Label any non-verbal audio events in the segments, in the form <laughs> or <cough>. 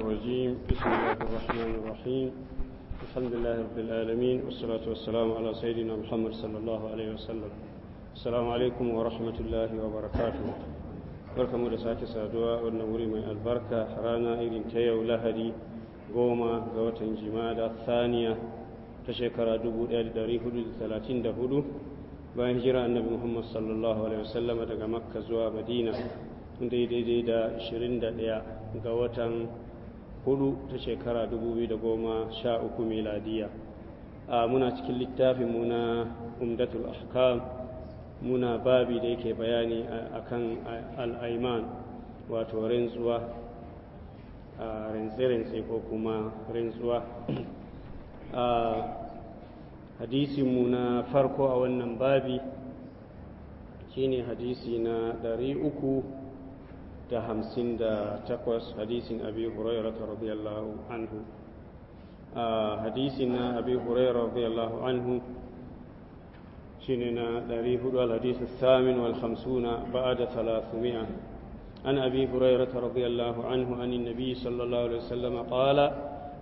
الرجيم بسم الله الرحمن الرحيم الحمد لله رب العالمين والصلاة والسلام على سيدنا محمد صلى الله عليه وسلم السلام عليكم ورحمة الله وبركاته barkamu da sake saduwa wannan wuri mai albarka rana irin ta yau lahadi goma ga watan jimada saniya ta shekara 1434 bayan hijira annabi muhammad sallallahu alaihi wasallama daga makka zuwa madina daidai da 21 ga watan hudu ta shekara dubu biyu da goma sha uku miladiya muna cikin littafin na umdatul ahkam muna babi da yake bayani akan al'aiman wato rantsuwa rantse-rantse ko kuma a hadisinmu na farko a wannan babi shine hadisi na ɗari uku. da hamsin da takwas hadisin abi huraira radiyallahu anhu hadisin na abi huraira radiyallahu anhu shine na 400 hadisi thamin wal khamsuna ba'da 300 an abi huraira radiyallahu anhu an nabi sallallahu alaihi wasallam qala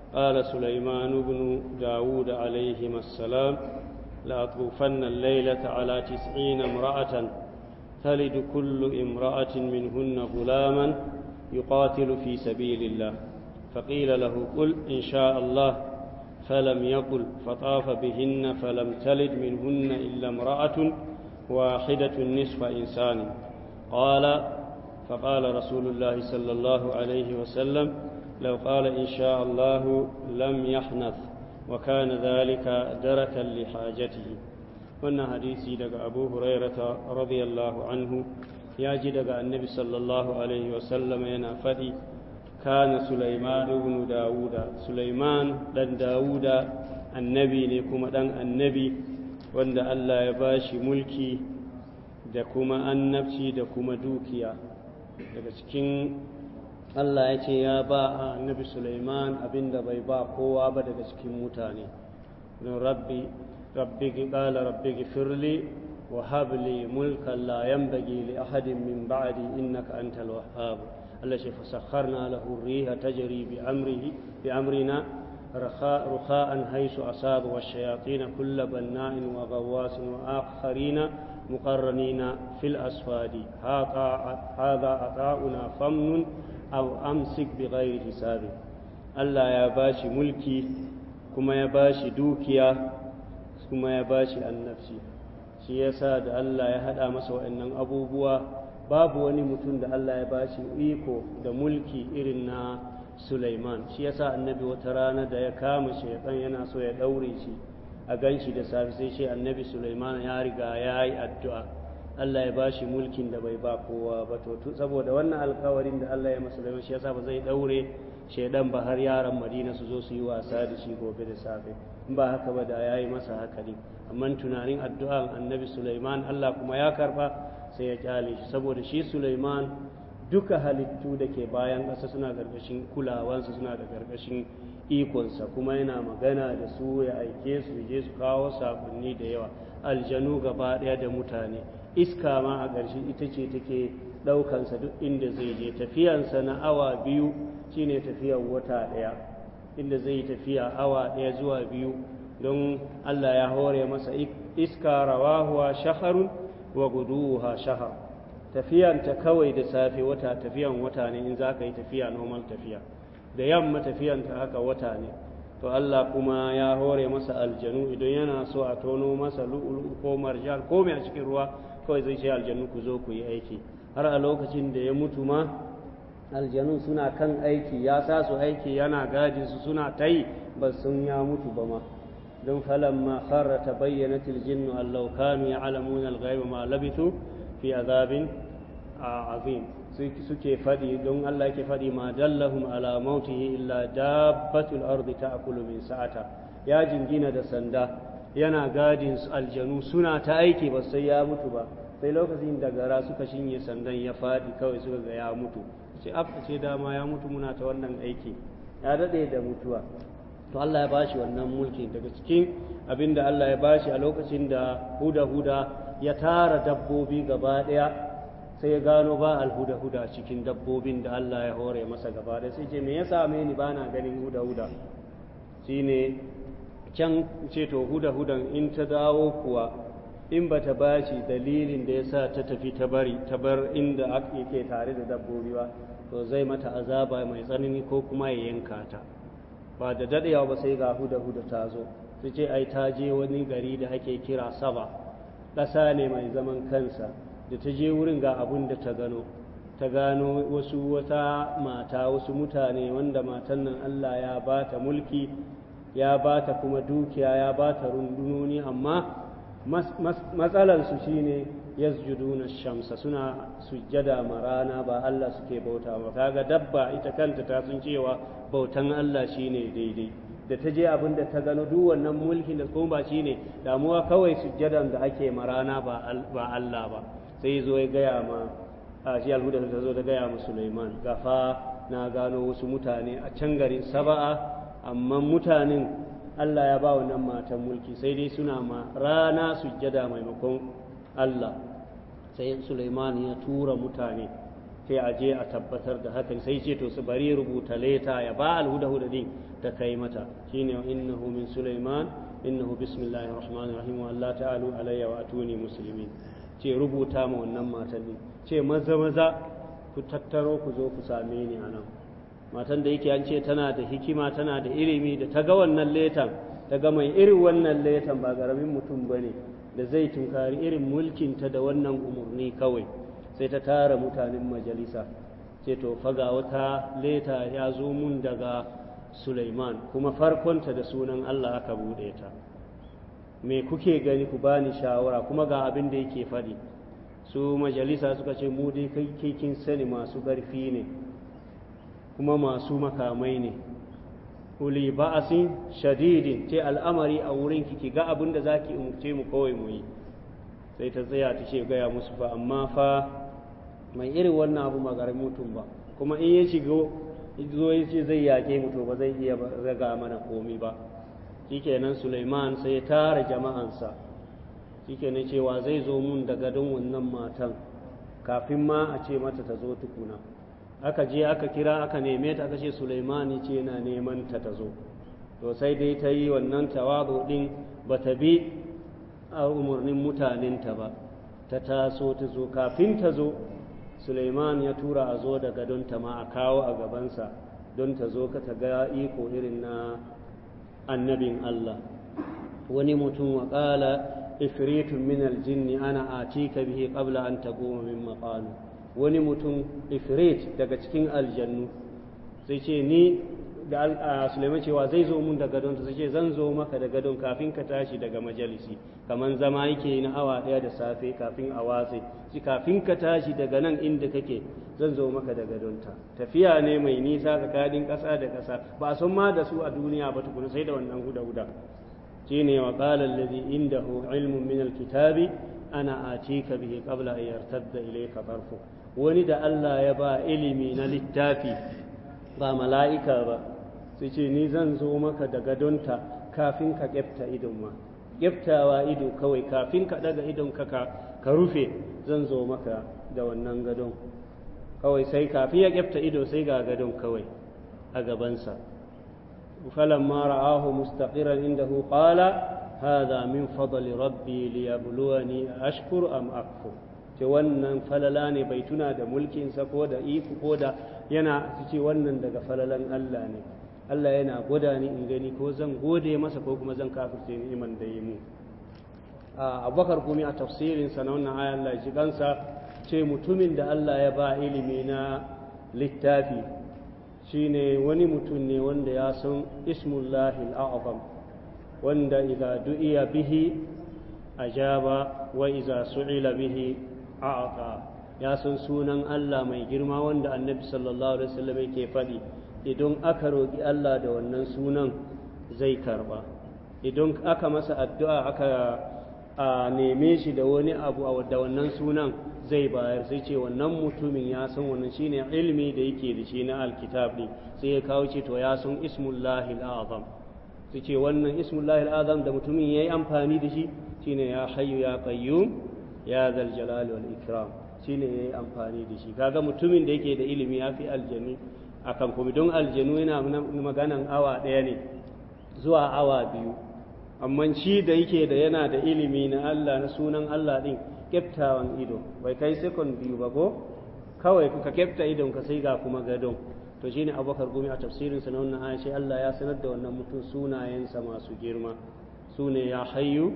قال سليمان بن داود عليهما السلام لأطوفن الليلة على تسعين امرأة تلد كل امرأة منهن غلاما يقاتل في سبيل الله فقيل له قل إن شاء الله فلم يقل فطاف بهن فلم تلد منهن إلا امرأة واحدة نصف إنسان قال فقال رسول الله صلى الله عليه وسلم لو قال إن شاء الله لم يحنث وكان ذلك دركا لحاجته wannan hadisi daga abu hurairata radiyallahu anhu ya ji daga annabi sallallahu alaihi wasallama yana faɗi kana sulaiman ibn dawuda sulaiman dan dawuda annabi ne kuma dan annabi wanda allah ya bashi mulki da kuma annabci da kuma dukiya daga cikin Allah ya ce ya ba annabi Sulaiman abinda bai ba kowa ba daga cikin mutane don rabbi ربك قال ربي اغفر لي وهب لي ملكا لا ينبغي لأحد من بعدي إنك أنت الوهاب الله التي فسخرنا له الريح تجري بأمره بأمرنا رخاء رخاء حيث أصاب والشياطين كل بناء وغواص وآخرين مقرنين في الاسفاد هذا عطاؤنا فمن أو أمسك بغير حساب الله يا باشي ملكي كما يا باشي دوكيا kuma ya bashi annabci shi yasa da Allah ya haɗa masa waɗannan abubuwa babu wani mutum da Allah ya ba shi iko da mulki irin na Sulaiman shi yasa annabi wata rana da ya kama shaitan yana so ya ɗaure shi a gan shi da safe sai shi annabi Sulaiman ya riga ya yi addu'a Allah ya bashi mulkin da bai ba kowa ba to saboda wannan alkawarin da Allah ya masa Sulaiman shi yasa ba zai ɗaure shaidan ba har yaran madina su zo su yi wasa da shi gobe da safe ba haka ba da ya yi masa hakari amma tunanin addu'an annabi suleiman allah kuma ya karba sai ya kyale shi saboda shi suleiman duka halittu da ke bayan ƙasa suna ƙarƙashin kulawansa suna da ƙarƙashin ikonsa kuma yana magana da su ya aike su je su kawo sakonni da yawa aljanu gaba ɗaya da mutane iska ma a ƙarshe ita ce take ɗaukansa duk inda zai je tafiyansa na awa biyu ne tafiyar wata ɗaya inda zai yi tafiya awa ɗaya zuwa biyu don Allah ya hore masa iska rawahuwa shaharun wa guduha shahar tafiyanta kawai da safe wata tafiyan wata ne in za ka yi tafiya normal tafiya da yamma tafiyanta haka wata ne to Allah kuma ya hore masa aljanu idan yana so a tono masa lu'ulu ko marjan ko mai a cikin ruwa kawai zai ce aljanu ku zo ku yi aiki har a lokacin da ya mutu ma aljanu suna kan aiki ya sa su aiki yana gadin su suna ta yi ba sun ya mutu ba ma don falamma kharra tabayyanat aljinnu allau kanu ya'lamuna al-ghaiba ma labithu fi azabin azim suke faɗi don Allah ke faɗi ma dallahum ala mautihi illa dabbatul ardi ta'kulu min sa'ata ya jingina da sanda yana gadin aljanu suna ta aiki ba sai ya mutu ba sai lokacin da gara suka shinye sandan ya faɗi kawai suka ga ya mutu ce ce dama ya mutu muna ta wannan aiki ya daɗe da mutuwa to Allah ya bashi wannan mulki daga cikin abin da Allah ya bashi a lokacin da huda huda ya tara dabbobi gaba ɗaya sai ya gano ba alhuda huda cikin dabbobin da Allah ya hore masa gaba ɗaya sai ce me ya same ni bana ganin huda huda shine can ce to huda hudan in ta dawo kuwa in ba ta bashi dalilin da ya sa ta tafi ta bari ta bar inda ake tare da dabbobi ba to zai mata azaba mai tsanani ko kuma ya yanka ta ba da dadewa ba sai ga huda huda ta zo su ce ai ta je wani gari da ake kira saba ƙasa ne mai zaman kansa da ta je wurin ga abin da ta gano ta gano wasu wata mata wasu mutane wanda matan nan Allah ya ba ta mulki ya ba ta kuma dukiya ya ba ta rundunoni amma matsalarsu shi ne. yasjuduna shamsa suna sujjada ma rana ba Allah suke bauta ba kaga dabba ita kanta ta sun cewa bautan Allah shine daidai da ta je abin da ta gano duk wannan mulkin da kuma ba shine damuwa kawai sujjadan da ake ma rana ba Allah ba sai zo ya gaya ma a shi alhuda ta zo ta gaya ma Sulaiman gafa na gano wasu mutane a can garin Saba'a amma mutanen Allah ya ba nan matan mulki sai dai suna ma rana sujjada maimakon Allah sai Suleiman ya tura mutane sai a je a tabbatar da hakan sai ce to su bari rubuta leta ya ba alhuda-huda din ta kai mata shine innahu min Suleiman innahu bismillahir rahmanir rahim wa Allah ta'alu alayya wa atuni muslimin ce rubuta ma wannan matan din ce maza maza ku tattaro ku zo ku same ni anan matan da yake an ce tana da hikima tana da ilimi da ta ga wannan letan ta ga mai irin wannan letan ba garamin mutum bane da zai tunkari irin mulkinta da wannan umarni kawai sai ta tara mutanen majalisa ce to faga wata leta ya zo mun daga Suleiman, kuma farkonta da sunan Allah aka buɗe ta me kuke gani ku bani shawara kuma ga abin da yake faɗi su majalisa suka ce mu dai kai kin sani masu ƙarfi ne kuma masu makamai ne kuli ba'asin shadidin ce al'amari a wurin ki ga abin da zaki umurce mu kawai mu yi sai ta tsaya ta ce gaya musu fa amma fa mai irin wannan abu magarin mutum ba kuma in ya shigo zo ya ce zai yaƙe mu to ba zai iya raga mana komi ba shikenan Suleiman sai ya tara jama'ansa shikenan cewa zai zo mun daga gadon wannan matan kafin ma a ce mata ta zo tukuna aka je aka kira aka neme ta aka ce sulaimani ce yana neman ta ta zo to sai dai ta yi wannan tawazu din ba ta bi a umarnin mutanenta ba ta taso ta zo kafin ta zo sulaiman ya tura a zo daga gadon ta ma a kawo a gabansa don ta zo ka ta ga iko irin na annabin allah wani mutum wa kala ifritun min aljinni ana atika bihi qabla an taqumu min maqalu wani mutum ifrit daga cikin aljannu sai ce ni da Sulaiman cewa zai zo mun da gadon sai ce zan zo maka da gadon kafin ka tashi daga majalisi kaman zama yake na awa daya da safe kafin a watse shi kafin ka tashi daga nan inda kake zan zo maka da ta. tafiya ne mai nisa tsakanin kasa da kasa ba a san ma da su a duniya ba tukuna sai da wannan huda huda shine wa qala allazi indahu ilmun min alkitabi ana atika bihi qabla an yartadda ilayka tarfuk wani da Allah ya ba ilimi na littafi ba mala'ika ba su ce ni zan zo maka da gadonta kafin ka ƙyafta idon ma ƙyaftawa ido kawai kafin ka daga idon ka ka rufe zan zo maka da wannan gadon kawai sai kafin ya ƙyafta ido sai ga gadon kawai a gabansa فلما رآه مستقرا عنده قال هذا من فضل ربي ليبلوني أشكر am أكفر ce wannan falala ne bai tuna da mulkinsa ko da iko ko da yana su ce wannan daga falalan Allah ne Allah yana gwada ni in gani ko zan gode masa ko kuma zan kafirce ni'iman da yi mu abubakar kuma a tafsirin sa na wannan aya Allah shi kansa ce mutumin da Allah ya ba ilimi na littafi shine wani mutum ne wanda ya san ismullahi al-a'zam wanda idza du'iya bihi ajaba wa idza su'ila bihi a'ata ya san sunan Allah mai girma wanda annabi sallallahu alaihi wasallam yake faɗi idan aka roƙi Allah da wannan sunan zai karba idan aka masa addu'a aka a neme shi da wani abu a da wannan sunan zai bayar sai ce wannan mutumin ya san wannan shine ilmi da yake da shi na alkitab ne sai ya kawo ce to ya san ismullahi al'azam sai ce wannan ismullahi al'azam da mutumin yayi amfani da shi shine ya hayyu ya qayyum ya zal jalali wal ikram shine yi amfani da shi kaga mutumin da yake da ilimi ya fi aljanu a kan kuma don aljanu yana maganan awa ɗaya ne zuwa awa biyu amma shi da yake da yana da ilimi na Allah na sunan Allah din kyaftawan ido bai kai sekon biyu ba ko kawai ka kyafta idon ka sai ga kuma gadon to shine abubakar gumi a tafsirin sa na wannan Allah ya sanar da wannan mutum sunayensa masu girma sune ya hayyu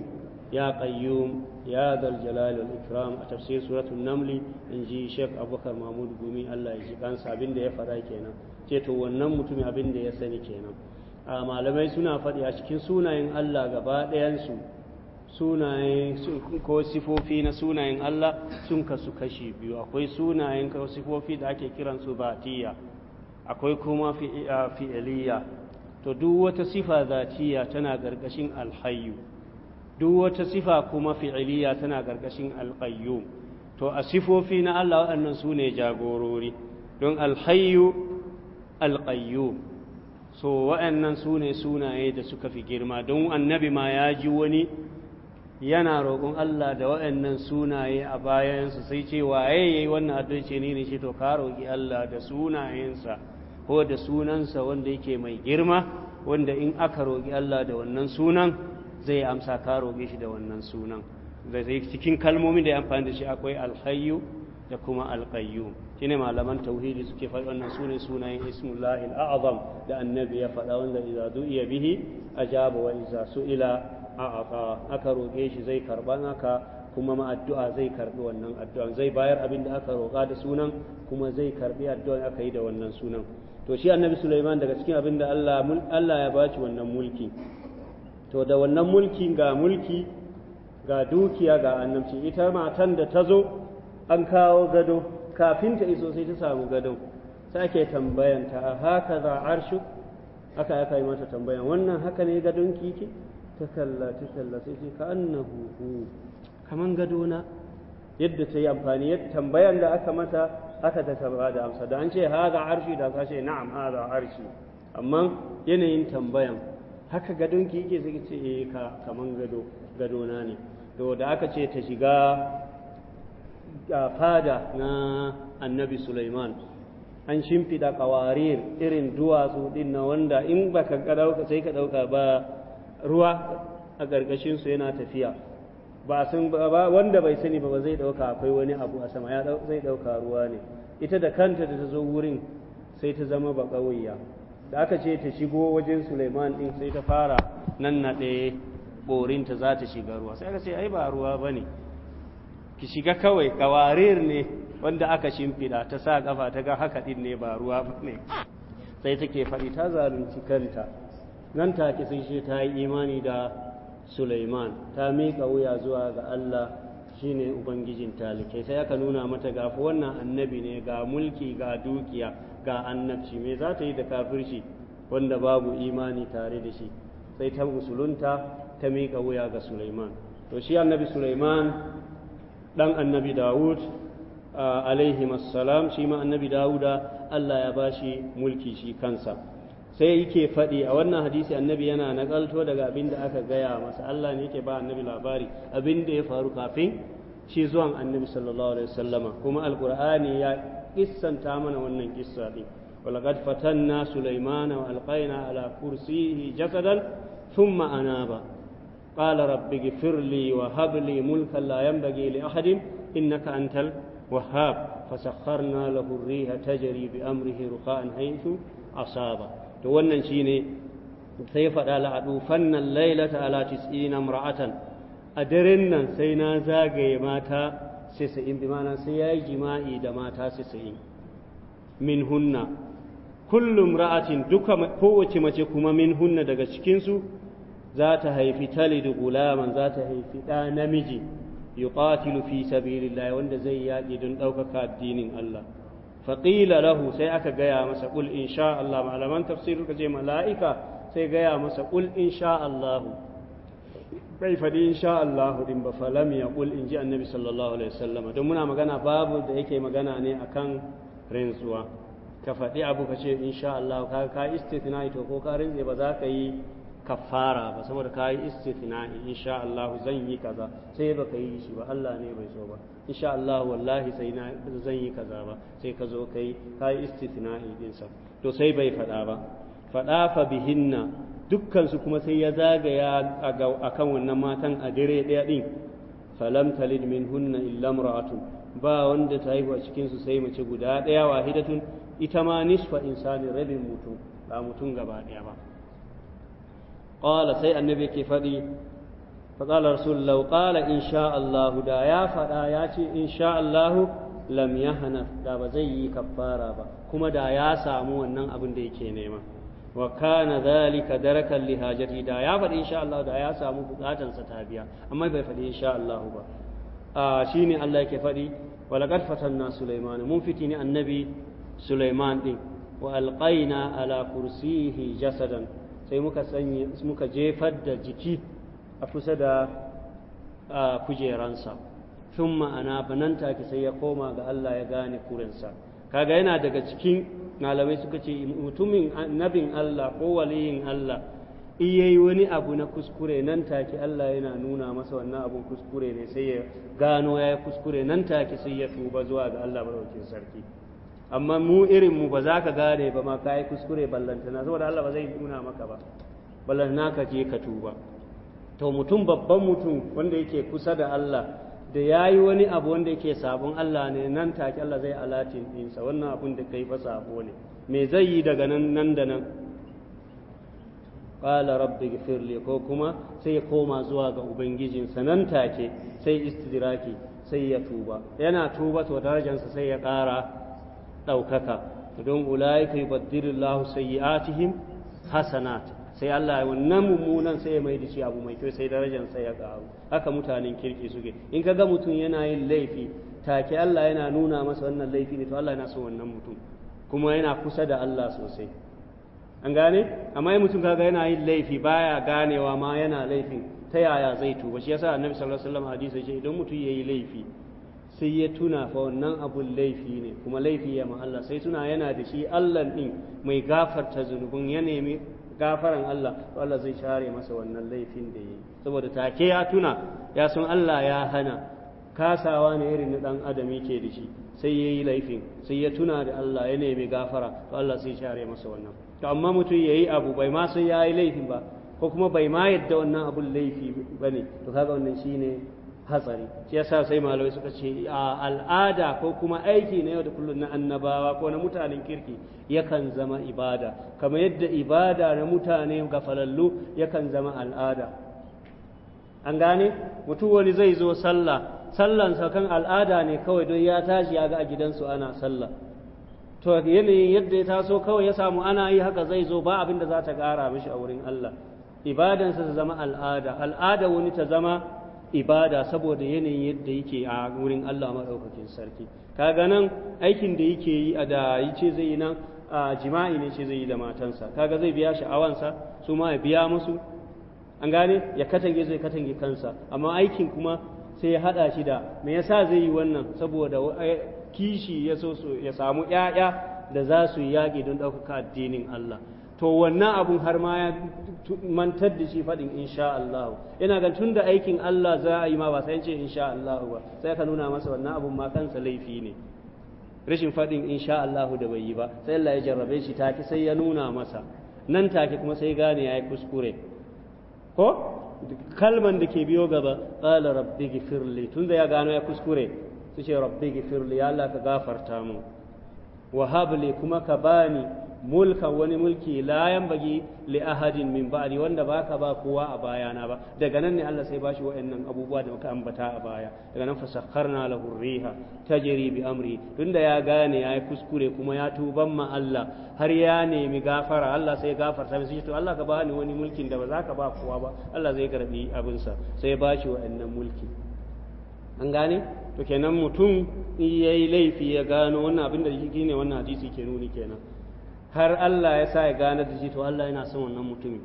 Ya ƙayyum ya zal Jalal al-Ikram a tafsir su raitu Namri and Jisai, abokan Mamudu, Gumi, Allah, Jikansa, abin da ya fara kenan. Ceto, wannan mutumin abin da ya sani kenan. A malamai suna faɗi a cikin sunayen Allah gabaɗayansu, sunayen kosifofi na sunayen Allah sun kasu kashi biyu. Akwai sunayen sifofi da ake kiransu ba'a tiya, akwai kuma fi'a To duk wata sifa da tana gargashin alhayu. duk wata sifa kuma fi'iliya tana gargashin alƙayyu to a sifofi na Allah waɗannan su ne jagorori don alhayyu alƙayyu so waɗannan su ne sunaye da suka fi girma don annabi ma ya ji wani yana roƙon Allah da waɗannan sunaye a bayansu sai ce waye yayi wannan addu'a ce ni ne shi to ka roƙi Allah da sunayensa ko da sunansa wanda yake mai girma wanda in aka roƙi Allah da wannan sunan zai amsa ka roƙe shi da wannan sunan zai cikin kalmomin da ya amfani da shi akwai alhayyu da kuma alqayyum shine malaman tauhidi suke faɗi wannan sunan sunayen ismullahi al'azam da annabi ya faɗa wanda idza du'iya bihi ajaba wa idza su'ila a'ata aka roƙe shi zai karɓa naka kuma ma addu'a zai karɓi wannan addu'a. zai bayar abin da aka roƙa da sunan kuma zai addu'a da aka yi da wannan sunan to shi annabi Sulaiman daga cikin abin da Allah Allah ya baci wannan mulki to da wannan mulki ga mulki ga dukiya ga annabci ita matan da ta zo an kawo gado kafin ta iso sai ta samu gado sai ake tambayan ta haka za arshu aka aka yi mata tambayan wannan haka ne gadon kiki ta kalla ta kalla sai ce ka annahu hu kaman na yadda ta yi amfani yadda tambayan da aka mata aka ta taba da amsa da an ce haza arshi da ka ce na'am haza arshi amma yanayin tambayan haka gadon ki yake sai ce eh ka kaman gado gado ne to da aka ce ta shiga fada na annabi Sulaiman an shimfida kawarir irin duwatsu din na wanda in baka dauka sai ka dauka ba ruwa a ƙarƙashin su yana tafiya ba sun ba wanda bai sani ba zai dauka akwai wani abu a sama ya zai dauka ruwa ne ita da kanta da ta zo wurin sai ta zama ba ƙauya da aka ce ta shigo wajen Suleiman din sai ta fara nan na ɗaya borinta za ta shiga ruwa sai aka ce ai ba ruwa ba ne ki shiga kawai kawarir ne wanda aka shimfiɗa ta sa kafa ta ga haka ɗin ne ba ruwa ba ne sai take faɗi ta zalunci kanta nan take sai ce ta yi imani da Suleiman ta miƙa wuya zuwa ga Allah Shi ne ubangijin talikai sai aka nuna mata gafi wannan annabi ne ga mulki ga dukiya ga annabci me za ta yi da kafirci wanda babu imani tare da shi sai ta musulunta ta miƙa wuya ga Sulaiman to shi annabi Sulaiman ɗan annabi Dawud alaihi salam shi ma annabi Dawuda Allah ya bashi mulki shi kansa sai yake faɗi a wannan hadisi annabi yana nakalto daga abin da aka gaya masa Allah ne yake ba annabi labari abin da ya faru kafin shi zuwan annabi sallallahu alaihi wasallama kuma alqur'ani ya kissanta mana wannan kissa din walaqad fatanna ولقد فتنا سليمان وألقينا على كرسيه جسدا ثم أناب قال رب اغفر لي وهب لي ملكا لا ينبغي لأحد إنك أنت الوهاب فسخرنا riha tajri bi amrihi ruqan haythu asaba to wannan shine sai faɗa la'adu fannan lailata ala tis'ina imra'atan a daren nan sai na zagaye mata 90 bi ma'ana sai yayi jima'i da mata 90 min hunna kullum ra'atin duka kowace mace kuma min hunna daga cikinsu za ta haifi talidu gulaman za ta haifi ɗa namiji yuqatilu fi sabilillahi wanda zai yaƙi don ɗaukaka addinin Allah faƙila lahu sai aka gaya masa ƙul in sha Allah malaman tafsir suka mala'ika sai gaya masa ƙul in sha Allah bai faɗi in sha Allah din ba falam ya ji annabi sallallahu alaihi wasallam don muna magana babu da yake magana ne akan rantsuwa ka faɗi abu ka ce in sha Allah ka ka istithna ko ka rantse ba za ka yi kafara ba saboda ka yi istithna'i insha Allah zan yi kaza sai baka yi shi ba Allah ne bai so ba insha Allah wallahi sai na zan yi kaza ba sai ka zo kai ka yi istithna'i din sa to sai bai fada ba fada fa bihinna dukkan su kuma sai ya zagaya akan wannan matan a dare daya din falam talid minhunna illa imra'atun ba wanda ta haihu a cikin su sai mace guda daya wahidatun ita ma nisfa insani rabin mutum ba mutum gaba daya ba qala sai annabi yake faɗi fa qala rasul law qala insha Allah da ya faɗa ya ce insha Allah lam yahna da ba zai yi kaffara ba kuma da ya samu wannan abin da yake nema wa kana dhalika darakan li hajati da ya faɗi insha Allah da ya samu bukatansa ta biya amma bai faɗi insha Allah ba a shine Allah yake faɗi wa laqad fatanna Sulaiman mun fitini annabi Sulaiman din wa alqaina ala kursiyihi jasadan sai muka muka jefar da jiki a kusa da kujeransa tun ma'ana banan take sai ya koma ga Allah ya gane kurinsa kaga yana daga cikin malamai suka ce mutumin nabin Allah ko waliyin Allah iya yi wani abu na kuskure nan take Allah yana nuna masa wannan abun kuskure ne sai ya gano ya kuskure nan take sai ya tuba zuwa ga Allah ba madaukakin sarki amma mu irin mu ba za ka gane ba ma kai kuskure ballantana saboda Allah ba zai nuna maka ba ballantana ka je ka tuba to mutum babban mutum wanda yake kusa da Allah da yayi wani abu wanda yake sabon Allah ne nan take Allah zai alatin dinsa wannan abun da kai fa sabo ne me zai yi daga nan nan da nan qala rabbi ighfirli ko kuma sai ya koma zuwa ga ubangijinsa nan take sai istidraki sai ya tuba yana tuba to darajarsa sai ya ƙara ɗaukaka don ulaika yubaddilullahu sayyi'atihim hasanat sai Allah ya wannan mummunan sai ya mai da shi abu mai kyau sai darajar sai ya karu haka mutanen kirki suke in ka ga mutum yana yin laifi take Allah yana nuna masa wannan laifi ne to Allah yana so wannan mutum kuma yana kusa da Allah sosai an gane amma in mutum kaga yana yin laifi baya ganewa ma yana laifin ta yaya zai tuba shi yasa annabi sallallahu alaihi wasallam hadisi ce idan mutum yayi laifi sai ya tuna fa wannan abun laifi ne kuma laifi ya ma Allah sai tuna yana da shi Allah din mai gafarta zunubin ya nemi gafaran Allah to Allah zai share masa wannan laifin da yayi saboda take ya tuna ya san Allah ya hana kasawa ne irin na dan adam yake da shi sai yayi laifin sai ya tuna da Allah ya nemi gafara to Allah zai share masa wannan to amma mutum yayi abu bai ma sai yayi laifin ba ko kuma bai ma yadda wannan abun laifi bane to kaga wannan shine hatsari shi yasa sai malamai suka ce a al'ada ko kuma aiki na yau da kullum na annabawa ko na mutanen kirki yakan zama ibada kamar yadda ibada na mutane gafalallu yakan zama al'ada an gane mutum wani zai zo sallah sallansa kan al'ada ne kawai don ya tashi ya ga a gidansu ana sallah to yanayin yadda ya taso kawai ya samu ana yi haka zai zo ba abin da za ta ƙara mishi a wurin Allah ibadansa ta zama al'ada al'ada wani ta zama ibada saboda yanayin yadda yake a wurin Allah maɗaukakin sarki kaga nan aikin da yake yi a da yi ce zai yi nan a jima'i ne ce zai yi da matansa kaga zai biya sha'awansa su ma ya biya musu an gane ya katange zai katange kansa amma aikin kuma sai ya haɗa shi da me yasa zai yi wannan saboda eh, kishi ya samu ƴaƴa da za su yi yaƙi don ɗaukaka addinin Allah to wannan abun har ma ya mantar da shi faɗin insha Allah ina ga tun da aikin Allah za a yi ma ba sai ce insha Allah ba sai ka nuna masa wannan abun ma kansa laifi ne rashin faɗin insha Allah da bai yi ba sai Allah ya jarrabe shi take sai ya nuna masa nan take kuma sai gane yayi kuskure ko kalman da ke biyo gaba qala rabbi ghfirli tun da ya gano ya kuskure su ce rabbi ghfirli ya Allah ka gafarta mu wa habli kuma ka bani Mulka wani mulki layan bagi li ahadin min ba'di wanda baka ba kowa a baya na ba daga nan ne Allah sai bashi wa'annan abubuwa da muka ambata a baya daga nan fasakharna lahu riha tajri bi amri tunda ya gane ya yi kuskure kuma ya tuban ma Allah har ya nemi gafara Allah sai gafarta sai to Allah ka bani wani mulkin da ba za ka ba kowa ba Allah zai karbi abinsa sai bashi wa'annan mulki an gane to kenan mutum yayi laifi ya gano wannan abin da yake ne wannan hadisi ke nuni kenan har Allah ya sa ya gane da shi to Allah yana son wannan mutumin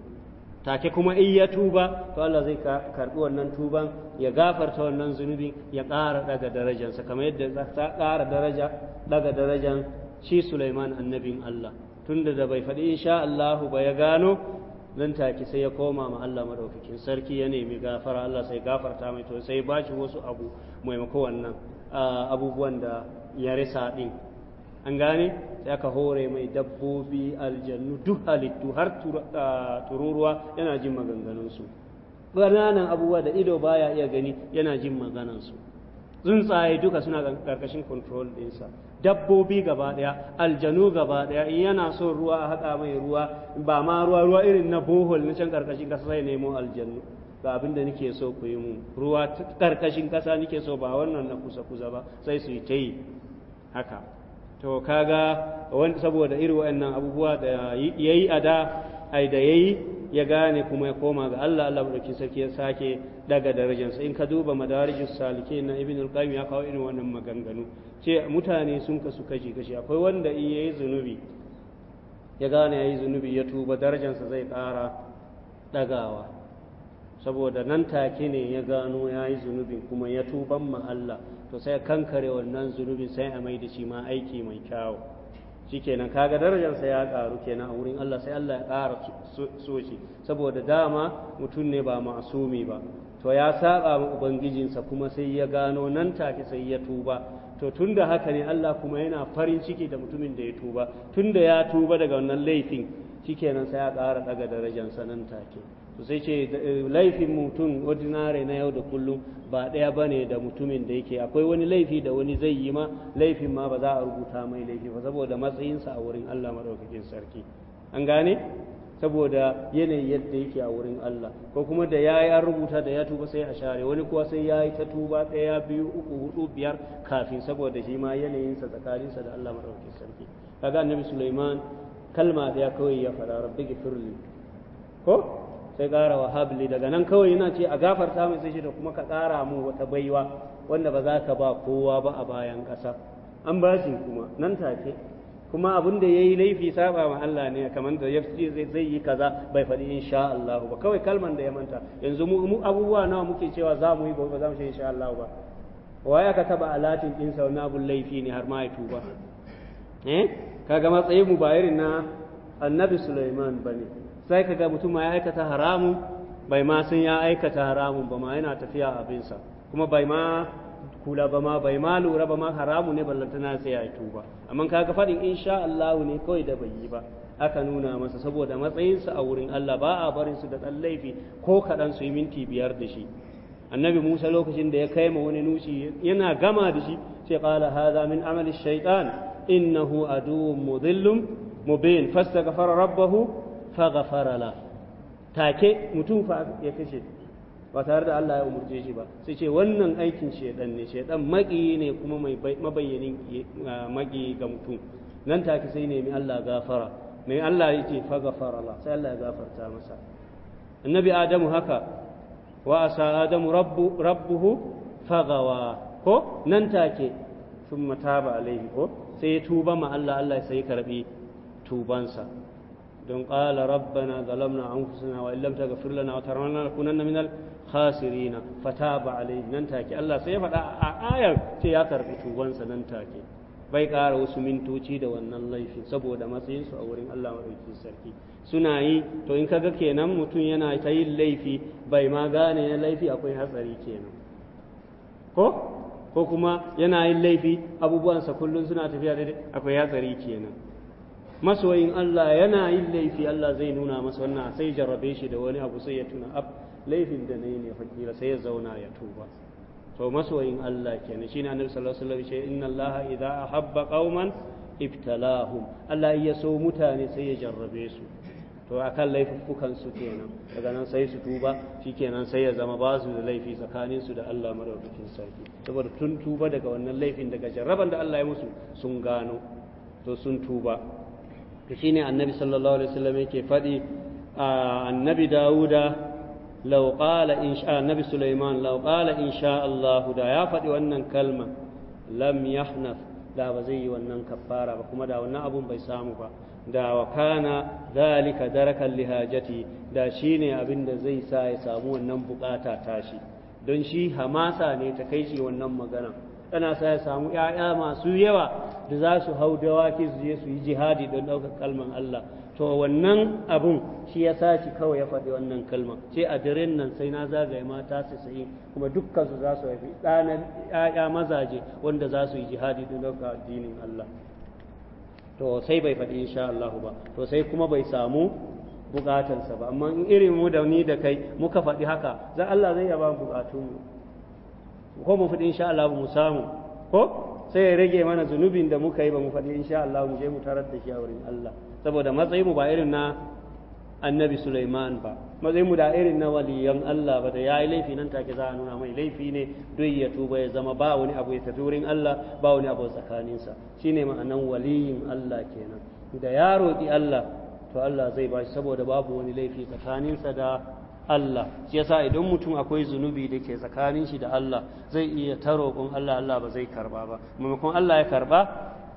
take kuma in ya tuba to Allah zai karɓi wannan tuban ya gafarta wannan zunubi ya ƙara daga darajarsa kamar yadda ta ƙara daraja daga darajar shi Sulaiman annabin Allah tunda da bai faɗi insha Allahu ba ya gano nan take sai ya koma ma Allah madaukakin sarki ya nemi gafara Allah sai gafarta mai to sai ba shi wasu abu maimako wannan abubuwan da ya risa din an gane sai aka hore mai dabbobi aljannu duk halittu har tururuwa yana jin maganganunsu ƙananan abubuwa da ido baya iya gani yana jin maganansu tsuntsaye duka suna ƙarƙashin control ɗinsa dabbobi gaba ɗaya aljanu gaba ɗaya in yana son ruwa a haƙa mai ruwa ba ma ruwa ruwa irin na bohol na can ƙarƙashin ƙasa sai nemo aljanu ga abin da nake so ku yi mu ruwa ƙarƙashin ƙasa nake so ba wannan na kusa kusa ba sai su yi ta yi haka to kaga wanda saboda irin wa'annan abubuwa da yayi a da ai da yayi ya gane kuma ya koma ga Allah Allah ɗauki sarki ya sake daga darajarsa in ka duba madarijus salike na ibn al-qayyim ya kawo irin wannan maganganu ce mutane sun kasu kashi kashi akwai wanda in yayi zunubi ya gane yayi zunubi ya tuba darajarsa zai ƙara dagawa saboda nan take ne ya gano yayi zunubin kuma ya tuban ma Allah to sai kankare wannan zunubin sai a mai da shi ma aiki mai kyawu kenan kaga darajarsa ya karu kenan a wurin Allah sai Allah ya ƙara soci saboda dama mutum ne ba masumi ba to ya saba ma ubangijinsa kuma sai ya gano nan take sai ya tuba to tunda haka ne Allah kuma yana farin ciki da mutumin da ya tuba tunda ya tuba daga wannan laifin shi kenan sai ya ƙara daga darajarsa nan take to sai ce eh, laifin mutum ordinary na yau da kullum ba ɗaya ba da mutumin da yake akwai wani laifi da wani zai yi ma laifin ma ba za a rubuta mai laifi ba saboda matsayinsa a wurin Allah maɗaukakin sarki an gane saboda yanayin yadda yake a wurin Allah ko kuma da ya yi rubuta da ya tuba sai a share wani kuwa sai ya yi ta tuba ɗaya biyu uku hudu biyar kafin saboda shi ma yanayinsa tsakaninsa da Allah maɗaukakin sarki kaga annabi Sulaiman kalma ya kawai ya fara rabbi firli ko sai ƙara wa habli daga nan kawai yana ce a gafarta mai sai shi da kuma ka ƙara mu wata baiwa wanda ba za ka ba kowa ba a bayan ƙasa an ba shi kuma nan take kuma abin da ya yi laifi saba ma Allah ne kamar da ya zai yi kaza bai faɗi insha Allah ba kawai kalman da ya manta yanzu mu abubuwa nawa muke cewa za mu yi ba za mu ce insha Allah ba waya ka taba alatin ɗinsa wani abun laifi ne har ma ya tuba eh kaga matsayin mu ba irin na annabi Sulaiman bane sai ka ga mutum ya aikata haramun bai ma sun ya aikata haramun ba ma yana tafiya abinsa kuma bai ma kula ba ma bai ma lura ba ma haramu ne ballantana sai ya tuba amma kaga faɗin insha Allah ne kawai da bai yi ba aka nuna masa saboda matsayinsa a wurin Allah ba a barin su da ɗan laifi ko kaɗan su yi minti biyar da shi annabi Musa lokacin da ya kai ma wani nuci yana gama da shi sai qala hadha min amali shaytan innahu aduwwun mudhillum mubin fastaghfara rabbahu faghfara la take mutum fa ya kashe ba tare da Allah ya umurce shi ba sai ce wannan aikin shedan ne shedan maki ne kuma mai mabayyanin maki ga mutum nan take sai nemi Allah gafara mai Allah yake faghfara la sai Allah ya gafarta masa annabi adamu haka wa asa adamu rabbu rabbuhu fagawa ko nan take sun mataba alaihi ko sai ya tuba ma Allah Allah sai karbi tubansa don ƙala rabbana zalamna anfusana wa illam taghfir lana wa tarhamna lanakunanna minal khasirin fataba alayhi nan take Allah sai ya faɗa a ayar ce ya karɓi tubansa nan take bai ƙara wasu mintoci da wannan laifin saboda matsayinsu a wurin Allah maɗauki sarki suna yi to in ka ga kenan mutum yana ta yin laifi bai ma gane ya laifi akwai hatsari kenan ko ko kuma yana yin laifi abubuwansa kullum suna tafiya daidai akwai hatsari kenan masoyin Allah yana yin laifi Allah zai nuna masa wannan sai jarrabe shi da wani abu sai ya tuna ab laifin da nayi ne fakira sai ya zauna ya tuba to masoyin Allah kenan shine annabi sallallahu alaihi wasallam ce inna Allah idza ahabba qauman ibtalahum Allah ya so mutane sai ya jarrabe su to akan laifukan su kenan daga nan sai su tuba shikenan sai ya zama ba su da laifi tsakanin su da Allah madaukakin sarki saboda tun tuba daga wannan laifin daga jarraban da Allah ya musu sun gano to sun tuba to shine annabi sallallahu alaihi wasallam yake faɗi annabi dawuda in sha annabi sulaiman law qala in sha allahu da ya faɗi wannan kalma lam yahnaf da ba zai yi wannan kafara ba kuma da wannan abun bai samu ba da wa kana zalika darakan lihajati da shine abin da zai sa ya samu wannan bukata tashi don shi hamasa ne ta kai shi wannan magana tana sa ya samu ‘ya'ya masu yawa da za su hau dawaki su je su yi jihadi don ɗaukar kalman Allah to wannan abun shi ya sashi kawai ya faɗi wannan kalman ce a daren nan sai na zagaye mata su sayi kuma dukkan su za su haifi ‘ya'ya mazaje wanda za su yi jihadi don ɗaukar addinin Allah to sai bai faɗi insha Allah ba to sai kuma bai samu bukatansa ba amma in irin mu da ni da kai muka faɗi haka za Allah zai yaba bukatun mu ko mu faɗi insha Allah mu samu ko sai ya rage mana zunubin da muka yi ba mu faɗi insha Allah mu je mu tarar da shi a wurin Allah saboda matsayin mu ba irin na annabi Sulaiman ba matsayin mu da irin na waliyan Allah ba da yayi laifi nan take za a nuna mai laifi ne duk ya tuba ya zama ba wani abu ya tafi wurin Allah ba wani abu tsakaninsa shine ma'anan waliyin Allah kenan da ya roƙi Allah to Allah zai bashi saboda babu wani laifi tsakaninsa da Allah shi yasa idan mutum akwai zunubi da ke tsakanin shi da Allah zai iya ta Allah Allah ba zai karba ba maimakon Allah ya karba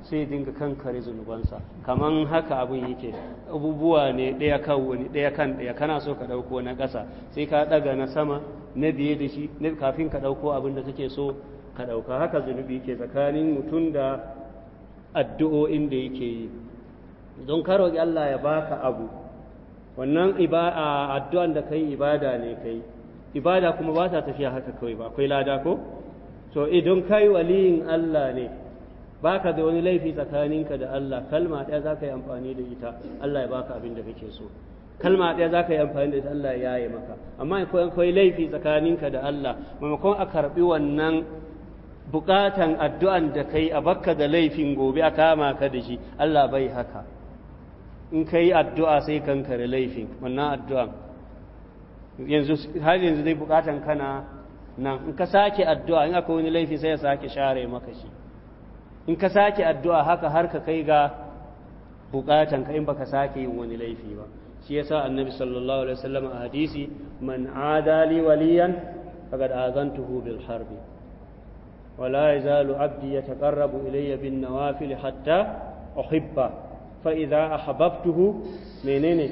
sai dinga kankare zunubansa kaman haka abin yake abubuwa ne ɗaya kan wani ɗaya kan ɗaya kana so ka ɗauko na ƙasa sai ka ɗaga na sama na biye da shi kafin ka ɗauko abin da kake so ka ɗauka haka zunubi ke tsakanin mutum da addu'o'in da yake yi don ka roƙi Allah ya baka abu wannan addu'an da kai ibada ne kai ibada kuma ba ta tafiya haka kawai ba akwai lada ko to idan kai waliyin Allah ne ba ka da wani laifi tsakaninka da Allah kalma ɗaya za ka yi amfani da ita Allah ya baka abin da kake so kalma ɗaya za ka yi amfani da ita Allah ya yi maka amma kai laifi tsakaninka da Allah maimakon a karɓi wannan buƙatan addu'an da kai a bakka da laifin gobe a kama ka da shi Allah bai haka in ka yi addu'a sai kankare laifin wannan addu'a yanzu har yanzu zai bukatan kana nan in ka sake addu'a in aka wani laifi sai ya sake share maka shi in ka sake addu'a haka har ka kai ga bukatan ka in baka sake yin wani laifi ba shi yasa annabi sallallahu alaihi wasallam a hadisi man adali waliyan faqad azantuhu bil harbi wala ولا يزال عبدي ilayya bin بالنوافل hatta أحبه فإذا أحببته منين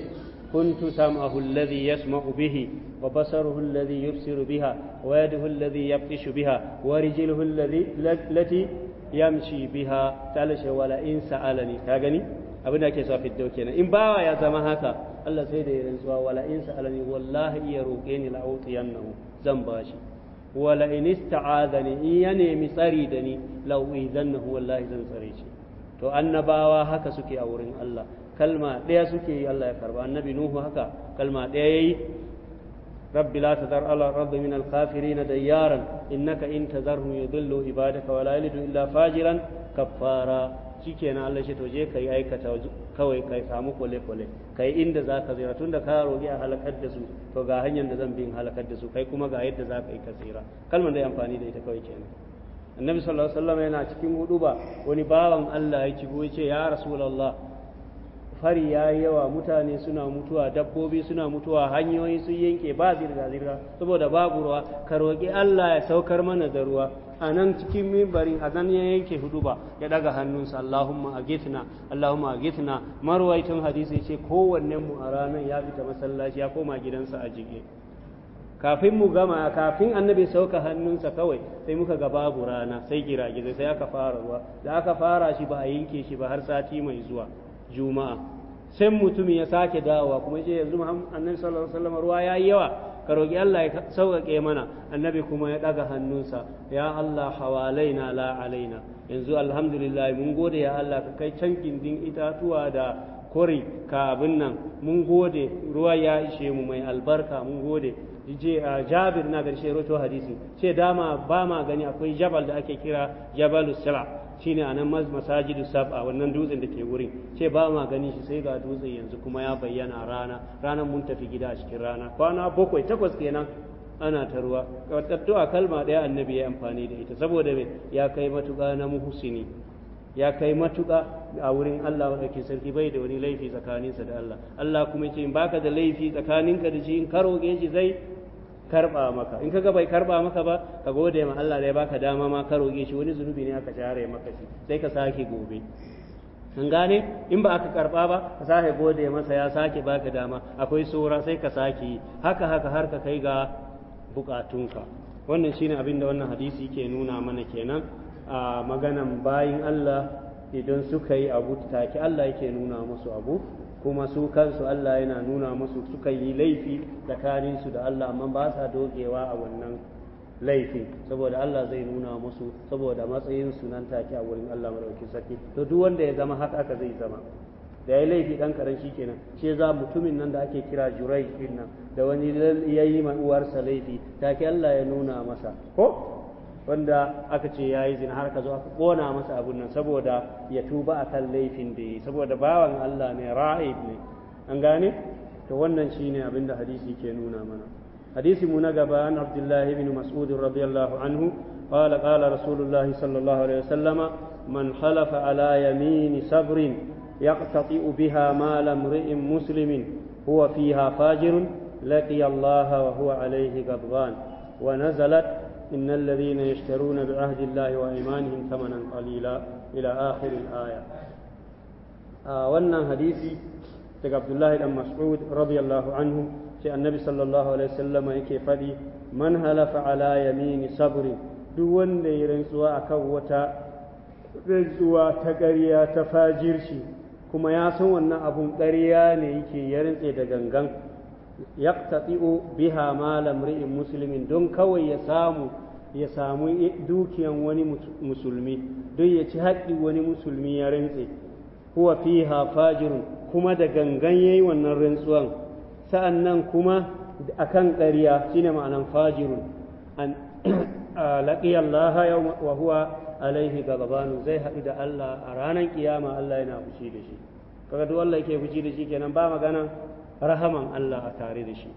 كنت سمعه الذي يسمع به وبصره الذي يبصر بها ويده الذي يبطش بها ورجله الذي التي يمشي بها تعالش ولا إن سألني تاغني أبنى كيسا في الدوكينا إن باوا يا زمهاتا الله سيدة يرنسوا ولا إن سألني والله يروقين لأوطينه زنباشي ولئن استعاذني إياني مصريدني لو إذنه والله زنصريشي to annabawa haka suke a wurin Allah kalma ɗaya suke yi Allah ya karba annabi nuhu haka kalma ɗaya yayi rabbi la tadhar ala rabb min al kafirin dayyaran innaka in tadharhu yudillu ibadaka wa la illa fajiran kaffara shikenan Allah shi to je kai aikata kawai kai samu kole kole kai inda zaka zira tunda ka roƙi a halakar da su to ga hanyar da zan bin in halakar da su kai kuma ga yadda zaka yi ka tsira kalmar da amfani da ita kawai kenan annabi sallallahu alaihi wasallam yana cikin huduba wani bawan Allah ya kigo ya ce ya rasulullah fari ya yi yawa mutane suna mutuwa dabbobi suna mutuwa hanyoyi sun yanke ba zirga-zirga saboda babu ruwa ka roƙi Allah ya saukar mana da ruwa a nan cikin mimbarin azan ya yanke hudu ba ya daga hannunsa Allahumma gitna Allahumma agithna marwaitin hadisi ce kowanne mu a ranar ya fita masallaci ya koma gidansa a jige kafin mu gama kafin annabi sauka hannunsa kawai sai muka ga babu rana sai giragizai sai aka fara ruwa da aka fara shi ba a yanke shi ba har sati mai zuwa juma'a sai mutumin ya sake dawowa kuma ce yanzu annabi sallallahu alaihi wasallam ruwa yayi yawa ka roki Allah ya sauƙaƙe mana annabi kuma ya ɗaga hannunsa ya Allah hawalaina la alaina yanzu alhamdulillah mun gode ya Allah ka kai can gindin itatuwa da kori ka abin nan mun gode ruwa ya ishe mu mai albarka mun gode je jabir na garshe roto hadisi ce dama ba ma gani akwai jabal da ake kira jabalu sala shine a nan masajidu sab'a wannan dutsen da ke wurin ce ba ma gani shi sai ga dutsen yanzu kuma ya bayyana rana ranar mun tafi gida a cikin rana kwana bakwai takwas kenan ana ta ruwa a kalma ɗaya annabi ya amfani da ita saboda ya kai matuƙa na muhusini ya kai matuƙa a wurin Allah maɗaukin sarki bai da wani laifi tsakaninsa da Allah Allah kuma ce in baka da laifi tsakaninka da shi in karo zai karɓa maka in kaga bai karɓa maka ba ka gode ma Allah da ya baka dama ma karo roƙe wani zunubi ne aka share maka shi sai ka sake gobe an gane in ba aka karba ba ka sake gode masa ya sake baka dama akwai sora sai ka sake haka haka har ka kai ga bukatunka wannan shine abin da wannan hadisi ke nuna mana kenan a maganan bayin Allah idan suka yi abu take Allah yake nuna musu abu kuma su kansu Allah yana nuna musu suka yi laifi tsakaninsu da Allah amma ba sa dogewa a wannan laifi saboda Allah zai nuna musu saboda matsayin sunan take a wurin Allah madauki sarki to duk wanda ya zama haka aka zai zama da ya laifi dan karan shikenan shi za mutumin nan da ake kira Jurai din nan da wani yayi ma uwarsa laifi take Allah ya nuna masa ko wanda aka ce yayi zina har ka zo aka kona masa abun nan saboda ya tuba akan laifin da yi saboda bawan Allah ne ra'ib ne an gane to wannan shine abin da hadisi ke nuna mana hadisi mu na gaba an Abdullahi ibn Mas'ud radiyallahu anhu قال قال رسول sallallahu alaihi الله عليه وسلم من حلف على يمين صبر يقتطئ بها مال امرئ مسلم هو فيها فاجر لقي الله وهو عليه غضبان ونزلت إن الذين يشترون بعهد الله وإيمانهم ثمنا قليلا إلى آخر الآية آه وانا حديثي تك عبد الله بن مسعود رضي الله عنه شيء النبي صلى الله عليه وسلم يكي فدي من هلف على يمين صبر دون يرنسوا أكوتا رنسوا تقريا تفاجرشي كما ياسون أبو قريا نيكي يرنسي دقنقنق yaqtati'u biha mala mri'in muslimin don kawai ya samu ya samu dukiyan wani musulmi don ya ci haƙƙi wani musulmi ya rantse huwa fiha fajirun kuma da gangan yayi wannan rantsuwan sa'annan kuma akan ƙarya shine ma'anan fajirun an laqiya Allah wa huwa alaihi ghadabanu zai haɗu da Allah a ranar kiyama Allah yana fushi da shi kaga duk Allah yake fushi da shi kenan ba magana rahaman Allah a tare da shi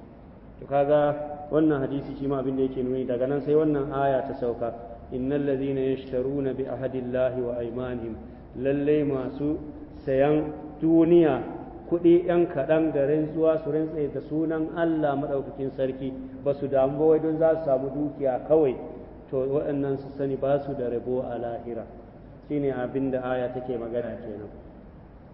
to kaga wannan hadisi shi ma abin da yake nuni daga nan sai wannan aya ta sauka innal ladhina yashtaruna bi ahadillahi wa aymanihim lalle masu sayan duniya kuɗi ‘yan kaɗan da rantsuwa su rantsaye da sunan Allah maɗaukakin sarki ba su damu ba wai don za su samu dukiya kawai to waɗannan su sani ba su da rabo a lahira shine abin da aya take magana kenan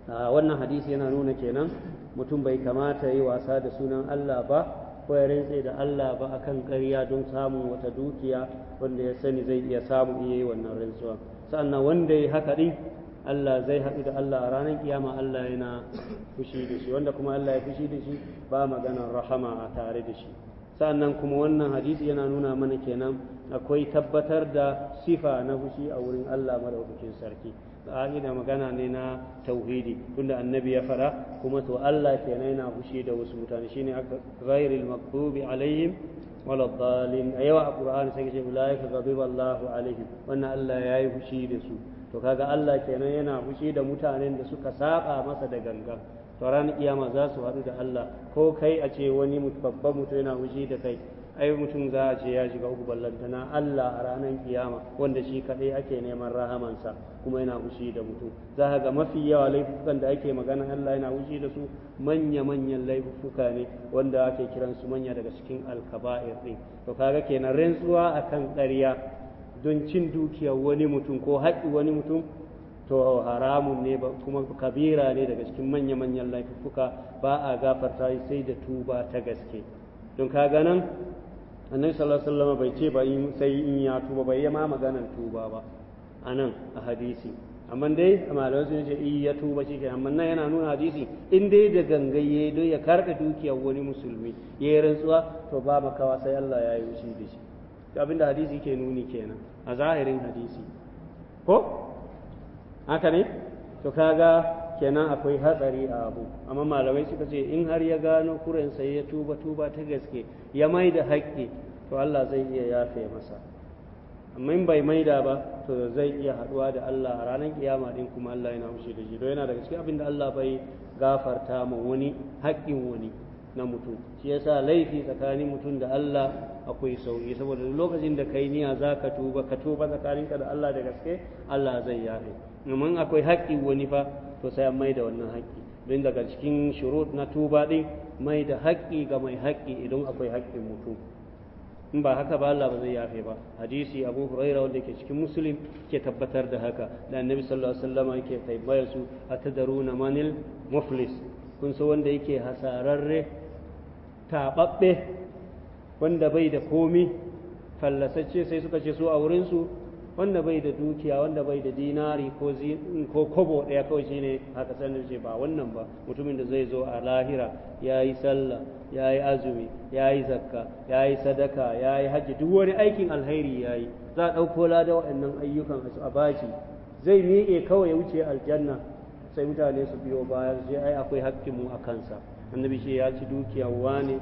wannan hadisi yana nuna kenan mutum bai kamata yi wasa da sunan Allah ba ko ya rantse da Allah ba akan ƙarya don samun wata dukiya wanda ya sani zai iya samu iya yi wannan rantsuwa sannan wanda ya haka din Allah zai haɗu da Allah a ranar kiyama Allah yana fushi da shi wanda kuma Allah ya fushi da shi ba maganar rahama a tare da shi sannan kuma wannan hadisi yana nuna mana kenan akwai tabbatar da sifa na fushi a wurin Allah madaukakin sarki ka'ida magana ne na tauhidi tunda annabi ya fara kuma to Allah kenan yana fushi da wasu mutane shine ghairil maghdubi alaihim wala dhalin ayawa a qur'ani sai ce ulaika ghadiba Allahu alaihim wannan Allah yayi fushi da su to kaga Allah kenan yana fushi da mutanen da suka saba masa da gangan to ranar kiyama za su haɗu da Allah ko kai a ce wani babban mutum yana fushi da kai ai mutum za a ce ya shiga uku ballantana Allah a ranar kiyama wanda shi kaɗai ake neman rahamansa kuma yana fushi da mutum za a ga mafi yawa laifukan da ake magana Allah yana fushi da su manya manyan laifuka ne wanda ake kiran su manya daga cikin alkaba'ir din to kaga kenan rantsuwa akan ƙarya don cin dukiyar wani mutum ko haƙƙi wani mutum to haramun ne ba kuma kabira ne daga cikin manya manyan laifuka ba a gafarta sai da tuba ta gaske don kaga nan annabi sallallahu alaihi bai ce ba sai in ya tuba bai yi ma maganar tuba ba a nan a hadisi amma dai malamai sun ce in ya tuba shi ke amma nan yana nuna hadisi in dai da gangaye don ya karɓe dukiyar wani musulmi ya yi rantsuwa to ba makawa sai Allah ya yi wuce da shi abinda hadisi ke nuni kenan a zahirin hadisi ko haka ne to kaga kenan akwai hatsari a abu amma malamai suka ce in har ya gano kuren sai ya tuba tuba ta gaske ya mai da haƙƙi to Allah zai iya yafe masa amma in bai maida ba to zai iya haɗuwa da Allah a ranar kiyama din kuma Allah yana mushi da jido yana daga cikin abin da Allah bai gafarta ma wani haƙƙin wani na mutum shi yasa laifi tsakanin mutum da Allah akwai sauki saboda lokacin da kai niyya zaka ka tuba ka tuba tsakaninka da Allah da gaske Allah zai yafe domin akwai haƙƙi wani fa to sai mai da wannan haƙƙi don daga cikin shurut na tuba ɗin mai da haƙƙi ga mai haƙƙi idan akwai haƙƙin mutum in ba haka ba Allah ba zai yafe ba hadisi Abu Huraira wanda ke cikin Muslim ke tabbatar da haka da Annabi sallallahu alaihi wasallam yake taimaya su atadaruna manil muflis kun so wanda yake hasararre tababbe wanda bai da komi fallasacce sai suka ce su a wurin su wanda bai da dukiya wanda bai da dinari ko kobo ɗaya kawai shine ne haka sanar ce ba wannan ba mutumin da zai zo a lahira ya yi sallah ya yi azumi ya yi zakka ya yi sadaka ya yi hajji duk wani aikin alheri ya yi za a ɗauko lada waɗannan ayyukan a bashi zai miƙe kawai wuce aljanna sai mutane su biyo baya su ai akwai mu a kansa annabi shi ya ci dukiya wani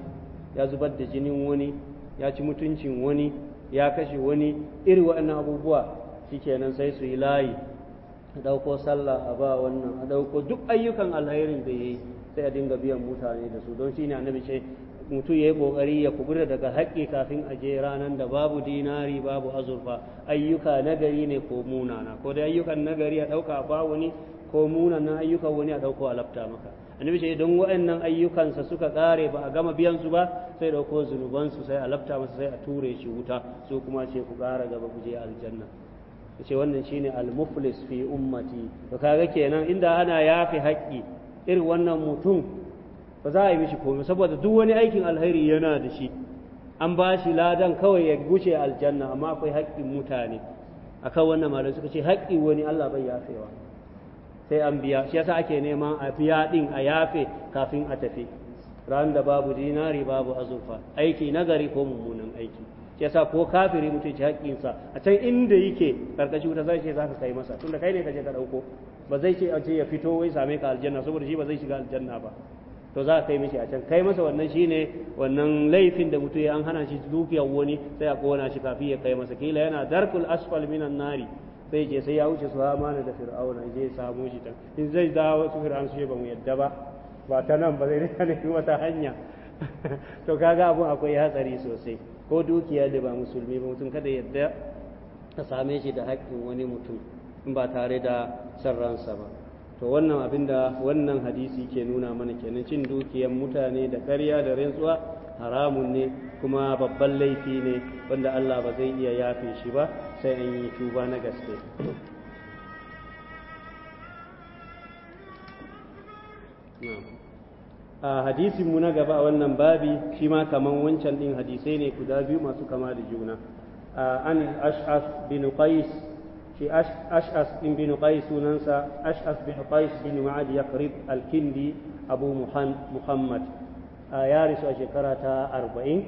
ya zubar da jinin wani ya ci mutuncin wani ya kashe wani iri waɗannan abubuwa nan sai su yi layi a ɗauko sallah a ba wannan a ɗauko duk ayyukan alhairin da ya yi sai a dinga biyan mutane da su don shi ne annabi ce mutum ya yi ƙoƙari ya kubuta daga haƙƙi kafin a je ranar da babu dinari babu azurfa ayyuka nagari ne ko munana ko da ayyukan nagari a ɗauka a ba wani ko munana ayyukan wani a ɗauko a lafta maka annabi ce idan waɗannan ayyukansa suka kare ba a gama biyan su ba sai dauko zunubansu sai a lafta masa sai a ture shi wuta so kuma ce ku kara gaba ku je aljanna ce wannan shine almuflis fi ummati to kaga kenan inda ana yafi haƙƙi irin wannan mutum ba za a yi mishi komai saboda duk wani aikin alheri yana da shi an ba shi ladan kawai ya guce aljanna amma akwai haƙƙin mutane akan wannan malam suka ce haƙƙin wani Allah bai yafewa sai an biya shi yasa ake neman a biya din a yafe kafin a tafi ran da babu dinari babu azufa aiki nagari ko mummunan aiki shi yasa ko kafiri mutum ci haƙƙinsa a can inda yake karkashin wuta zai ce za ka kai masa tunda kai ne ka je ka ɗauko ba zai ce a ce ya fito wai same ka aljanna saboda shi ba zai shiga aljanna ba to za ka kai mishi a can kai masa wannan shine wannan laifin da mutum ya an hana shi dukiyar wani sai a kona shi kafin ya kai masa kila yana darkul asfal minan nari sai ce sai ya wuce su Amana da fir'auna je ya samu shi ta in zai za su fir'an su ba mu yadda ba ba ta nan ba zai rika <laughs> ne wata hanya <laughs> to kaga abun akwai hatsari sosai ko dukiya da ba musulmi ba mutum kada yadda ka same shi da haƙƙin wani mutum in ba tare da san ransa ba to wannan abin da wannan hadisi ke nuna mana kenan cin dukiyar mutane da ƙarya da rantsuwa haramun ne kuma babban laifi ne wanda Allah ba zai iya yafe shi ba sai an yi tuba na gaske a hadisin mu na gaba a wannan babi shi ma kaman wancan din hadisai ne guda biyu masu kama da juna an ash'as bin qais shi ash'as bin bin qais sunansa ash'as bin qais bin ma'ad yaqrib al-kindi abu muhammad ya rasu a shekara ta 40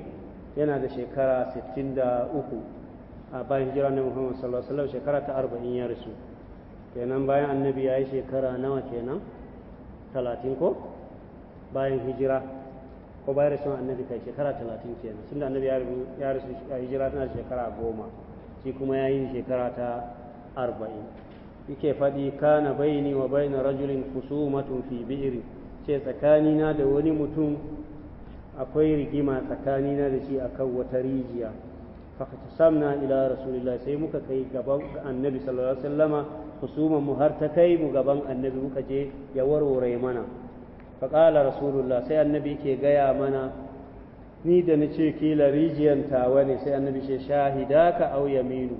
yana da shekara 63 a bayan jira na muhammad sallallahu alaihi wasallam shekara ta arba'in ya rasu kenan bayan annabi ya yi shekara nawa kenan talatin ko bayan hijira ko bayan rasu annabi kai shekara talatin kenan tunda annabi ya rasu hijira tana shekara goma shi kuma ya yi shekara ta arba'in yake faɗi kana baini wa baina rajulin kusumatun fi bi'ri ce tsakanina da wani mutum akwai rigima tsakanina da shi akan wata rijiya samna ila rasulillah sai muka kai gaban annabi sallallahu alaihi wasallama husuman mu har ta kai mu gaban annabi muka je ya warware mana faƙala rasulullah sai annabi ke gaya mana ni da na ce kila rijiyan tawa ne sai annabi ce shahida ka au yaminu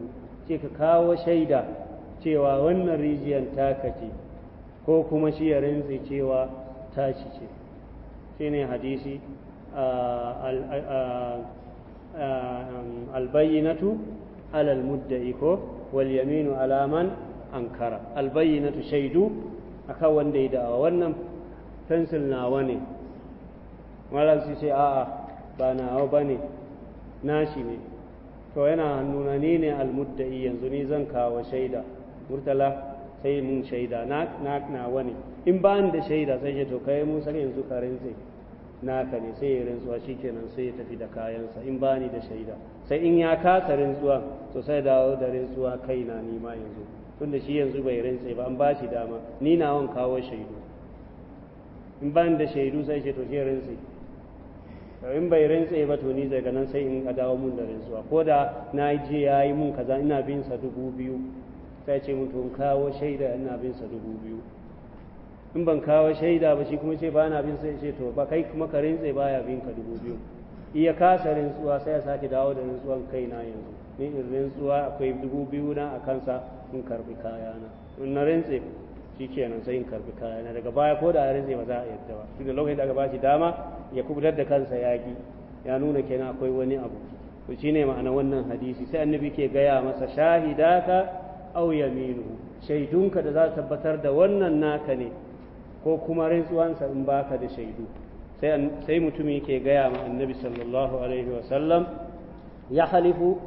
ce ka kawo shaida cewa wannan rijiyan taka ce ko kuma shi ya rinzi cewa tashi ce shine hadisi albayyinatu alal mudda'i ko wal yaminu alaman ankara albayyinatu shaidu akan wanda ya da'awa wannan fensil nawa ne malam su ce a'a ba nawa ba ne nashi ne to yana hannuna ni ne almudda'i yanzu ni zan kawo shaida murtala sai mun shaida na nawa ne in ba da shaida sai ce to kai mun san yanzu karen sai naka ne sai ya rantsuwa kenan sai ya tafi da kayansa in ba ni da shaida sai in ya kasa rantsuwa to sai dawo da rantsuwa kai ni ma yanzu Tun da shi yanzu bai rantse ba an ba shi dama ni na wan kawo shaidu in ba ni da shaidu sai ce to shi To in bai rantse ba to ni daga nan sai in ka dawo mun da rantsuwa ko da na je ya yi mun kaza ina bin sa dubu biyu sai ce mun to kawo shaida ina bin sa dubu biyu in ban kawo shaida ba shi kuma ce ba na bin sai ce to ba kai kuma ka rintse baya bin ka dubu biyu iya kasa rintsuwa sai ya sake dawo da rintsuwan kaina yanzu ni in rintsuwa akwai dubu biyu na a kansa in karbi kayana in na rintse shi kenan sai in karbi kayana daga baya ko da a rintse ba za a yadda ba shi da lokacin da aka ba shi dama ya kubutar da kansa yaƙi ya nuna kenan akwai wani abu to ne ma'ana wannan hadisi sai annabi ke gaya masa shahidaka auyaminu yaminu shaidunka da za tabbatar da wannan naka ne ko kuma rantsuwansa in baka da shaidu sai mutumi yake gaya ma annabi sallallahu alaihi wasallam ya halifu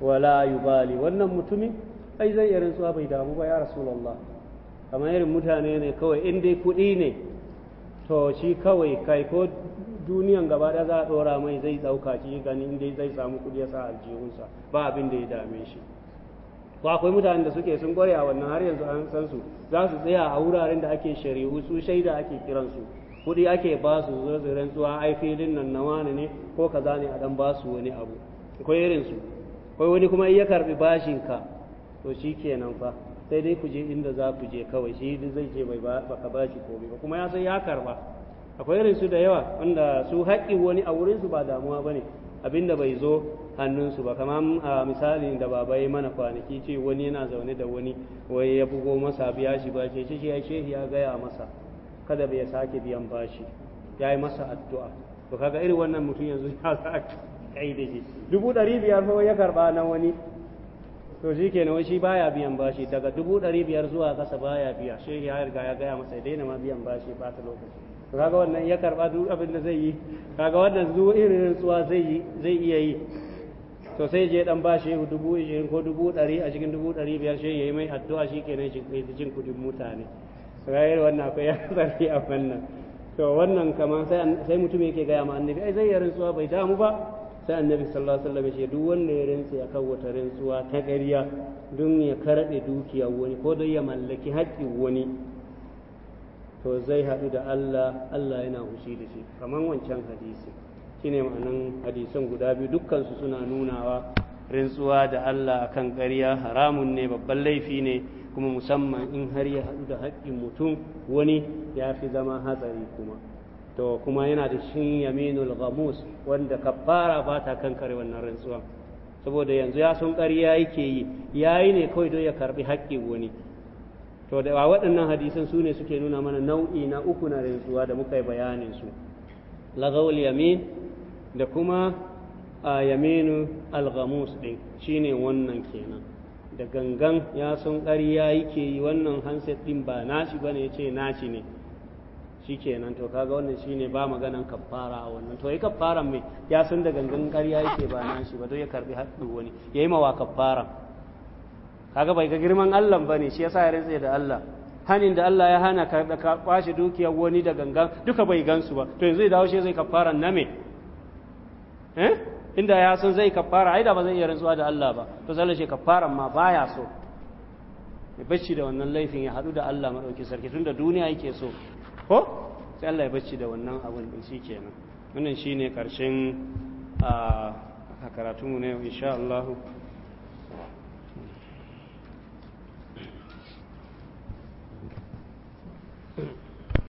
wala yubali wannan mutumi ai zai iya rantsuwa bai damu ba ya rasulullah kamar irin mutane ne kawai in dai kuɗi ne to shi kawai kai ko duniyan gaba ɗaya za a ɗora mai zai ɗauka shi gani in dai zai samu kuɗi ya sa aljihunsa ba abin da ya dame shi ko akwai mutanen da suke sun kware a wannan har yanzu an san su za su tsaya a wuraren da ake shari'u su shaida ake kiransu kuɗi ake ba su zo su ai filin nan na wani ne ko kaza ne a dan ba su wani abu akwai irin su akwai wani kuma iya karbi bashin ka to shi kenan fa sai dai ku je inda za ku je kawai shi duk zai ce bai baka bashi komai ba kuma ya san ya karba akwai irin su da yawa wanda su haƙƙi wani a wurin su ba damuwa bane abinda bai zo hannunsu ba kamar a misali da ba bai mana kwanaki ce wani yana zaune da wani wai ya bugo masa biya shi ba ce shi ya shehi ya gaya masa kada bai sake biyan bashi ya yi masa addu'a to kaga irin wannan mutum yanzu ya sa kai da shi dubu ɗari biyar fa ya karɓa na wani to shi kenan shi baya biyan bashi daga dubu ɗari biyar zuwa ƙasa baya biya shehi ya riga ya gaya masa ya daina ma biyan bashi ba ta lokaci to kaga wannan ya karba duk abin da zai yi kaga wannan zu irin rantsuwa zai yi zai iya yi to sai je dan bashi dubu ishirin ko dubu ɗari a cikin dubu ɗari biyar shi ya yi mai addu'a shi kenan shi jin kudin mutane rayar wannan akwai ya <laughs> tsarki a wannan to wannan kamar sai mutum yake gaya ma annabi ai zai yi rantsuwa bai damu ba sai annabi sallallahu alaihi wasallam ya duk wanda ya rantsa ya kawo ta rantsuwa ta ƙarya don ya karɓe dukiyar wani ko don ya mallaki haƙƙin wani to zai haɗu da Allah Allah yana hushi da shi kamar wancan hadisi shine ma'anan hadisan guda biyu dukkansu suna nunawa rintsuwa da Allah kan ƙarya haramun ne babban laifi ne kuma musamman in har ya haɗu da haƙƙin mutum wani ya fi zama hatsari kuma to kuma yana da shin yaminul ghamus wanda kafara ba ta kankare wannan rantsuwa saboda yanzu ya sun ƙarya yake yi yayi ne kawai don ya karɓi haƙƙin wani to da wa waɗannan hadisan su ne suke nuna mana nau'i na uku na rantsuwa da muka yi bayanin su lagawul yamin da kuma a yaminu alghamus din shine wannan kenan da gangan ya san ƙarya yake yi wannan handset din ba nashi bane yace nashi ne shi kenan. to kaga wannan shine ba maganan kaffara a wannan to yi kaffaran mai ya san da gangan ƙarya yake ba nashi ba don ya karbi haɗu wani yayi mawa kaffaran? kaga bai ga girman Allah bane shi yasa ya rantsa da Allah hanin da Allah ya hana ka da ka kwashi dukiyar wani da gangan duka bai gansu ba to yanzu ya dawo shi zai kafara name eh inda ya san zai kafara ai da ba zai iya rantsuwa da Allah ba to sai shi kafaran ma baya so ya bacci da wannan laifin ya hadu da Allah madauki sarki tunda duniya yake so ko sai Allah ya bacci da wannan abun din shikenan wannan shine karshen a karatunmu ne ah, insha Allah